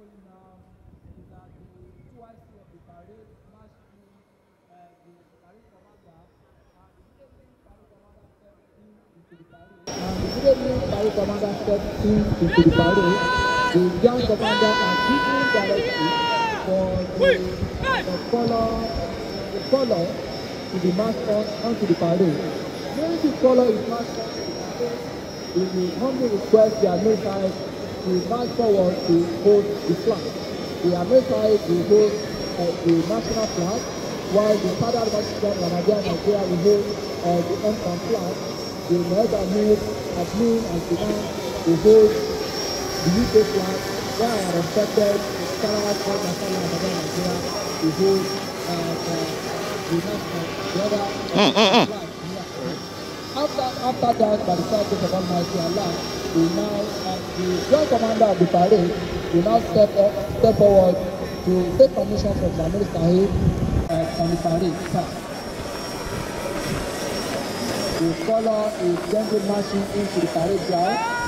going now is that the 2IC of the parade marched in uh, the parade commander and immediately parade commander stepped in into the parade. Immediately, parade commander stepped in into the parade. The young commander and given direction for the, the color, the color to be marched on onto the parade. When the color is marched onto the parade, we will humbly request their no side we march forward to hold the flag. The American will hold uh, the national flag, while the Father Vatican and Nigeria Nigeria will hold uh, the Emperor flag. The American News, Admin and Sudan will hold the UK flag, while our respected Sarawak and Nigeria will hold uh, the, the national the other, uh, flag. Mm, mm, mm after that, by the service of Almighty Allah, we now, the Grand Commander of the parade, we now step, up, step forward to take permission from the Amir Sahib uh, from the parade. The scholar is gently marching into the parade ground.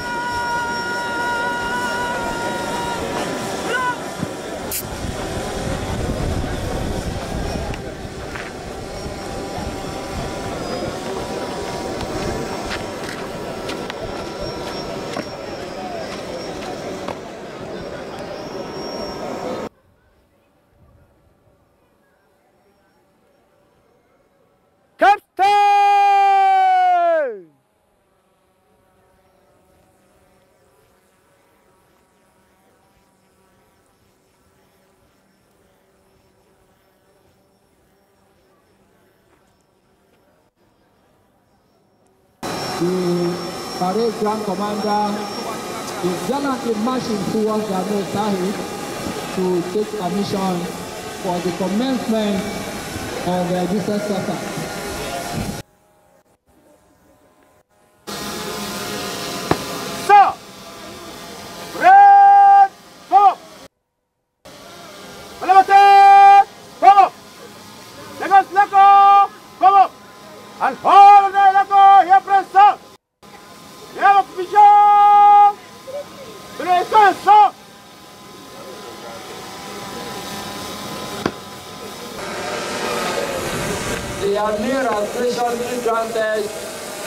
the parade Grand commander is gallantly marching towards the Amir Sahib to take permission for the commencement of the business sector.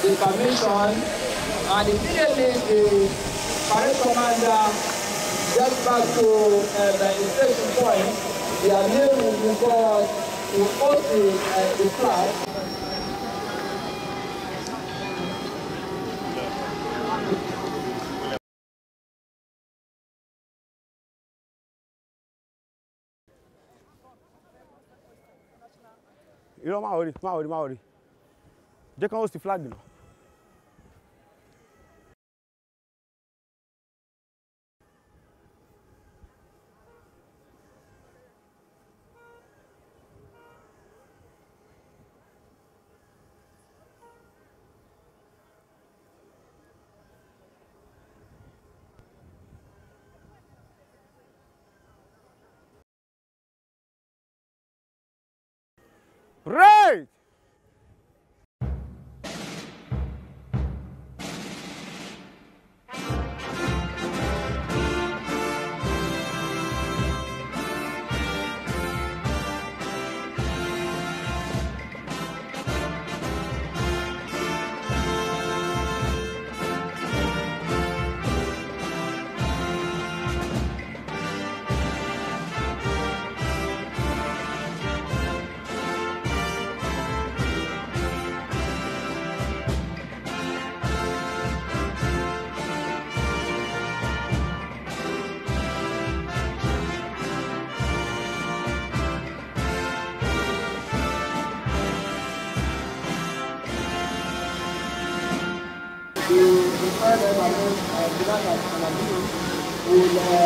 The permission, and immediately the parade commander gets back to uh, the inspection point, the name will be to hold the, uh, the flag. You know, Maori, Maori, Maori. jẹ́ kán ó sì flag náà. ولا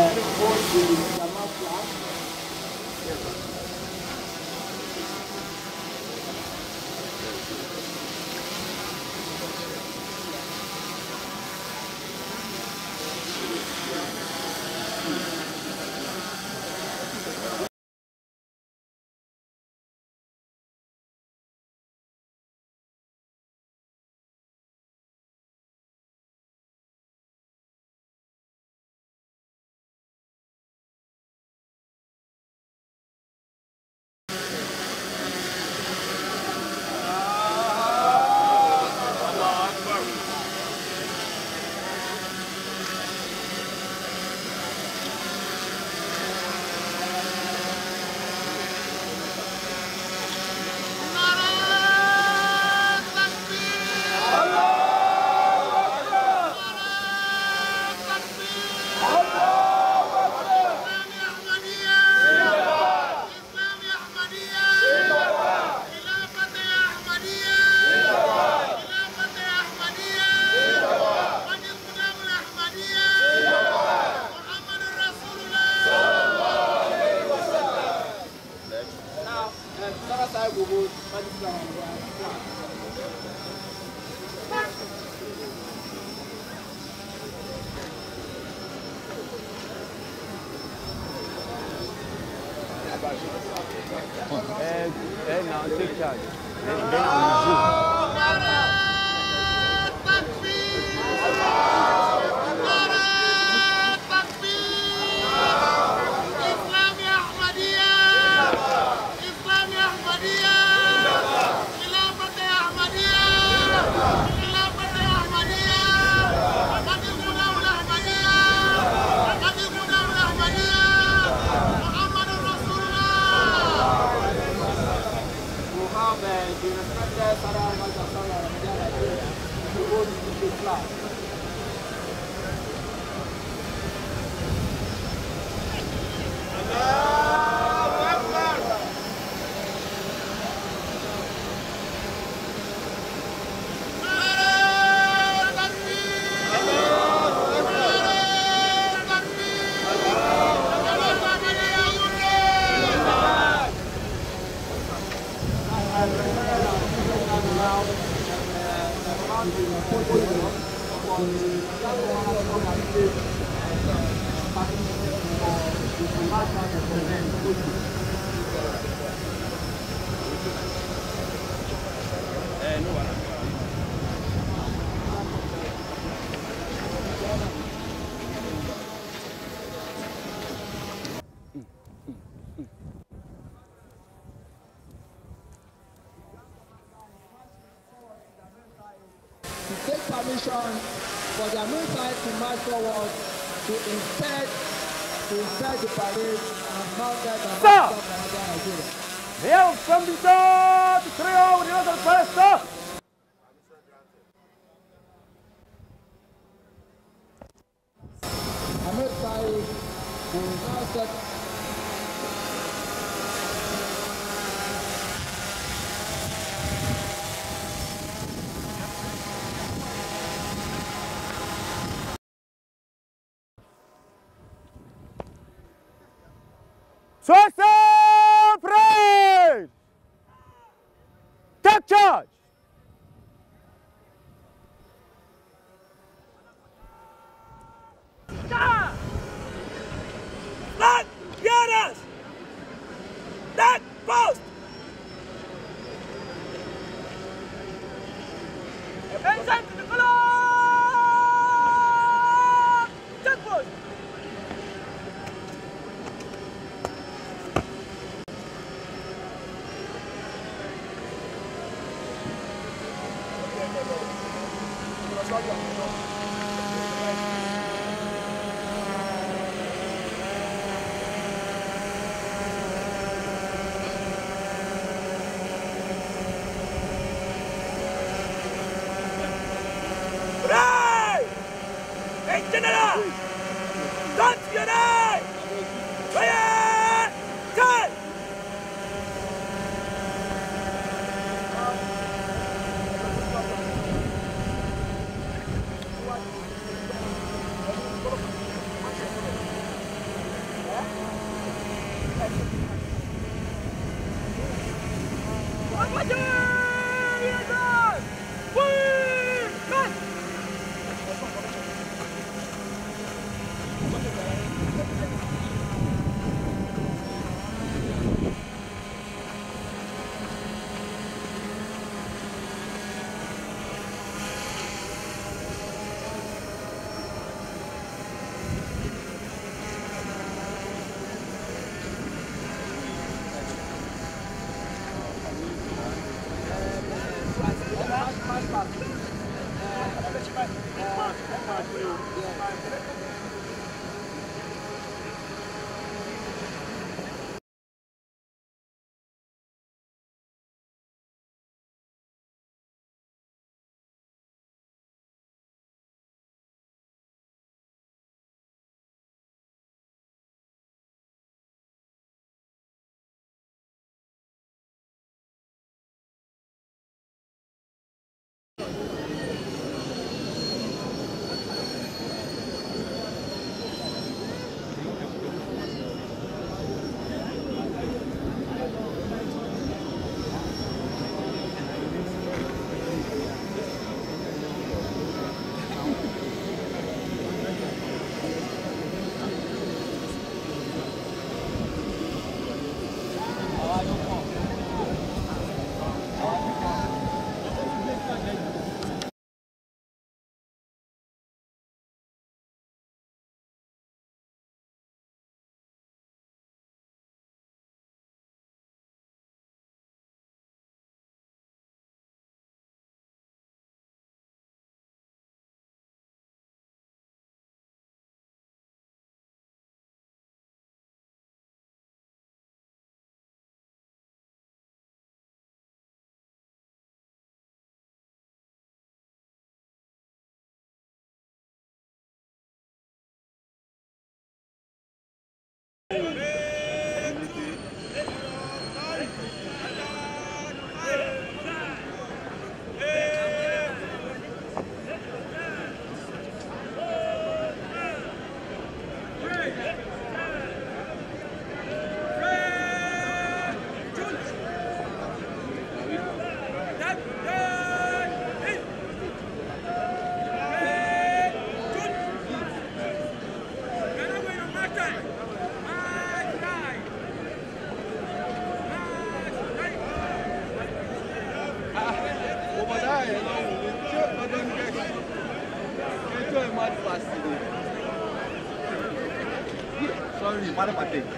done for the Americans to march forward to inspect to the parade and counter the march Stop. Nigeria. from the door, the trio, the other judge. para bater.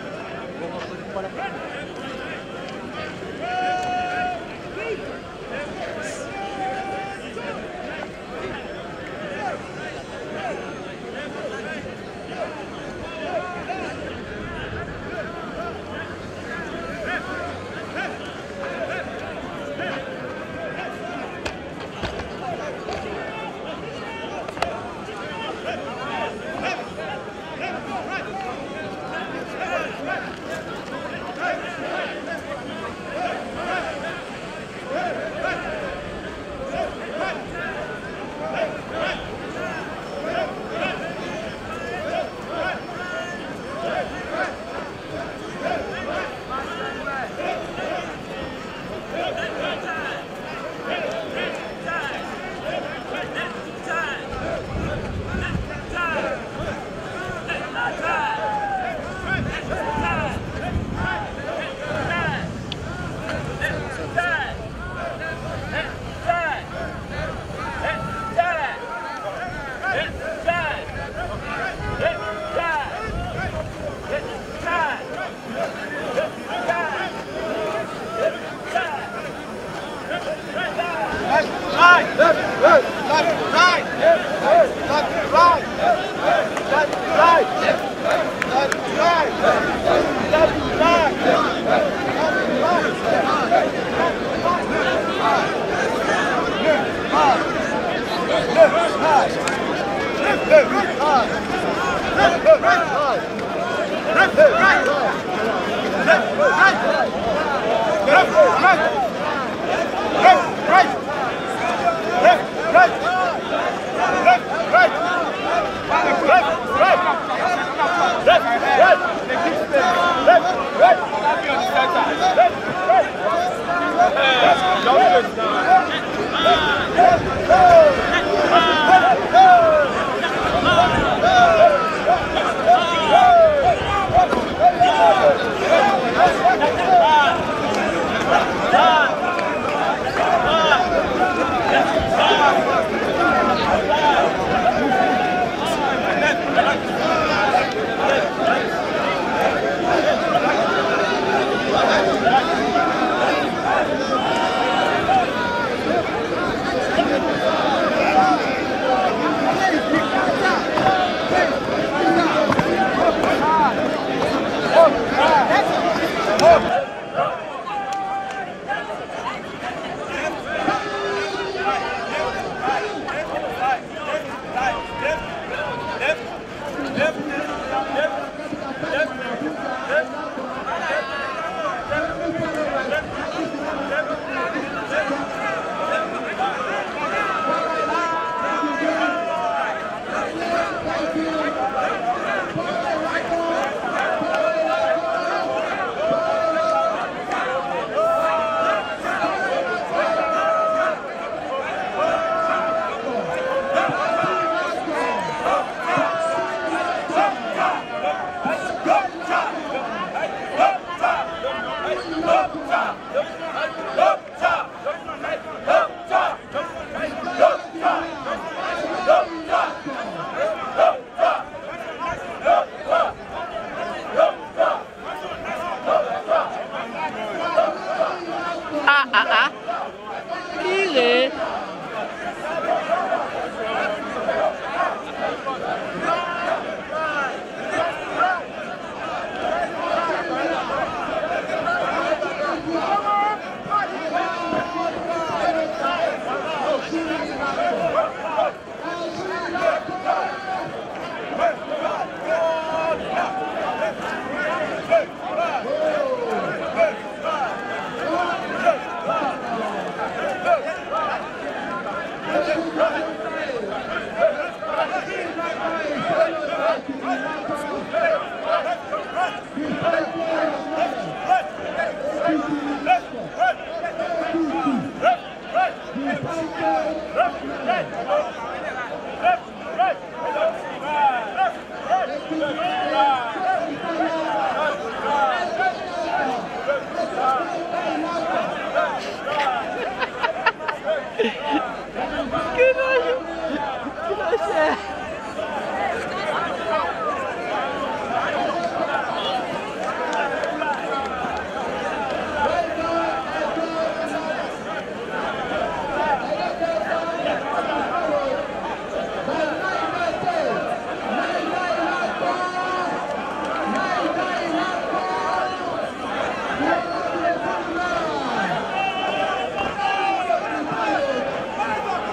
Come on.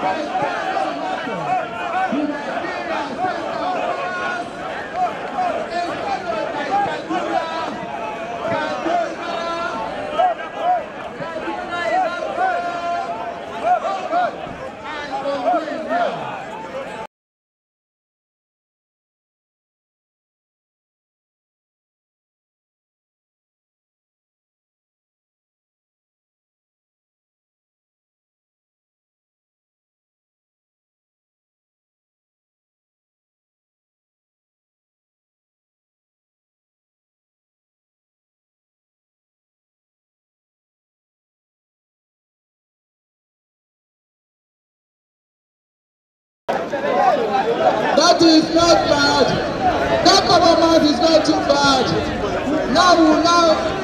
Thank you. That is not bad. That compromise is not too bad. Now, now,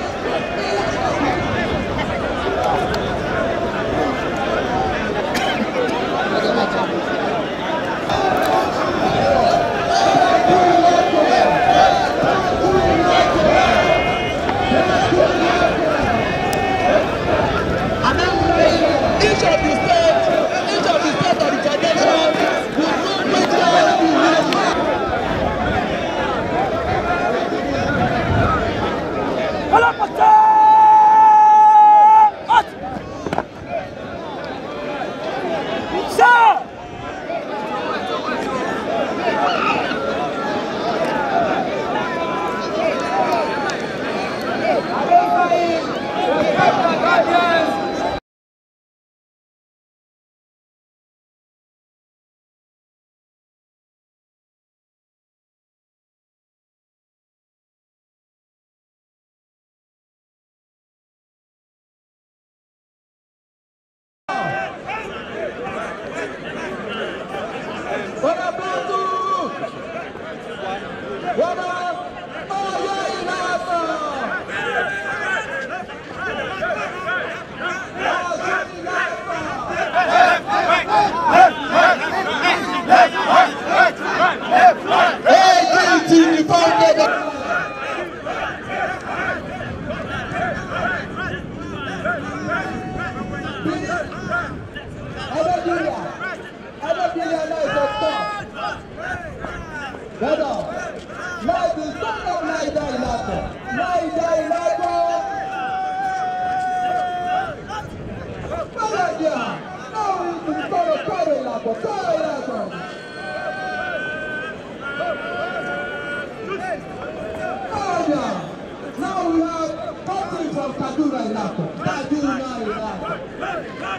Zaduraj na to! Zaduraj na to! Bala! Zaduraj na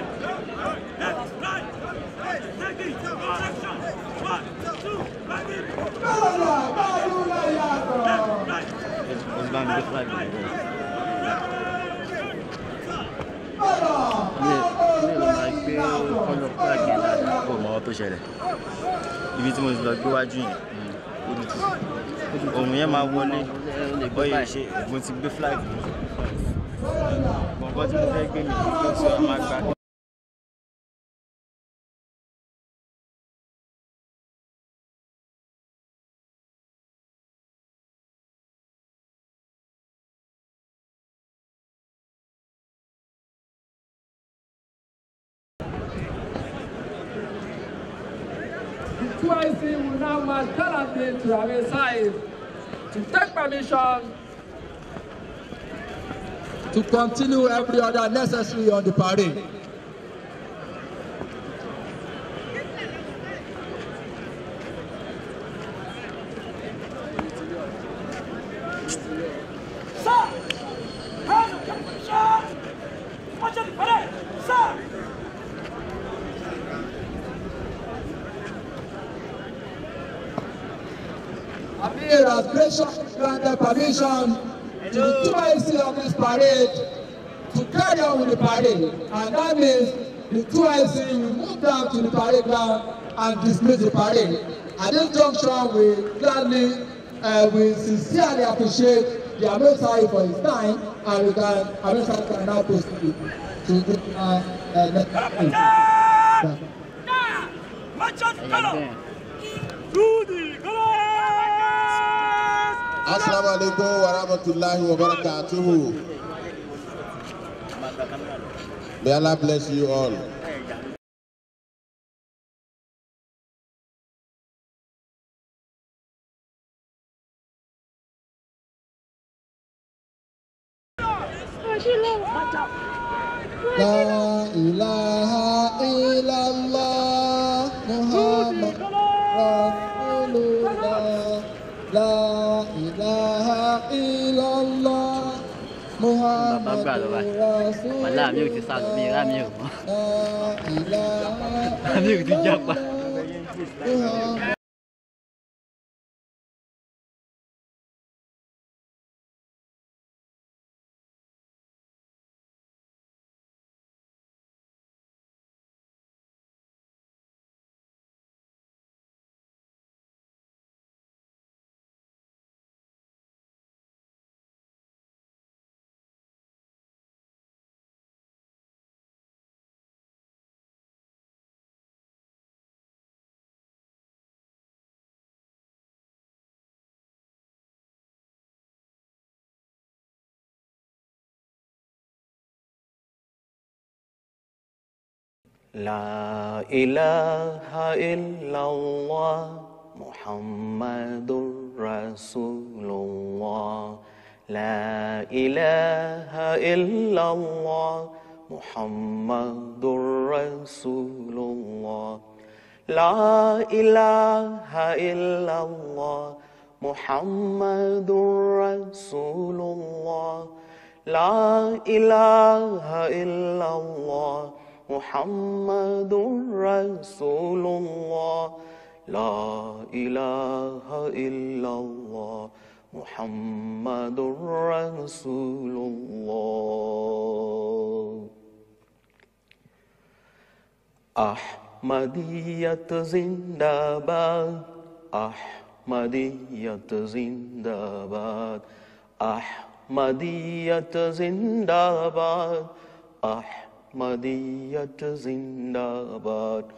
to! On wam wyszedł. Bala! pé ọlọ pàgì dáadáa kò mọ ọ tó ṣẹlẹ̀ ibi tí mo ti lọ gbéwájú yẹn òtútù òun yẹn máa wọlé bọ́yìí ṣe ògùn ti gbé flag mi bọ̀bọ̀ tí mo will now march gallantly to our side to take permission to continue every other necessary on the parade. That means the 2IC will move down to the parade ground and dismiss the parade. At this junction, we gladly, uh, we sincerely appreciate the Amesari for his time, and we can, Amesari can now proceed to the uh, uh, next yeah. Assalamu alaikum wa rahmatullahi wa barakatuhu. May Allah bless you all. rồi vậy mà làm như thì sao rồi làm như ờ, làm như thì chắc quá لا إله إلا الله محمد رسول الله لا إله إلا الله محمد رسول الله لا إله إلا الله محمد رسول الله لا إله إلا الله محمد رسول الله لا إله إلا الله محمد رسول الله أحمدية زندة باد أحمدية زندة باد أحمدية زندة باد أحمدية Ahmadiyat Zindabad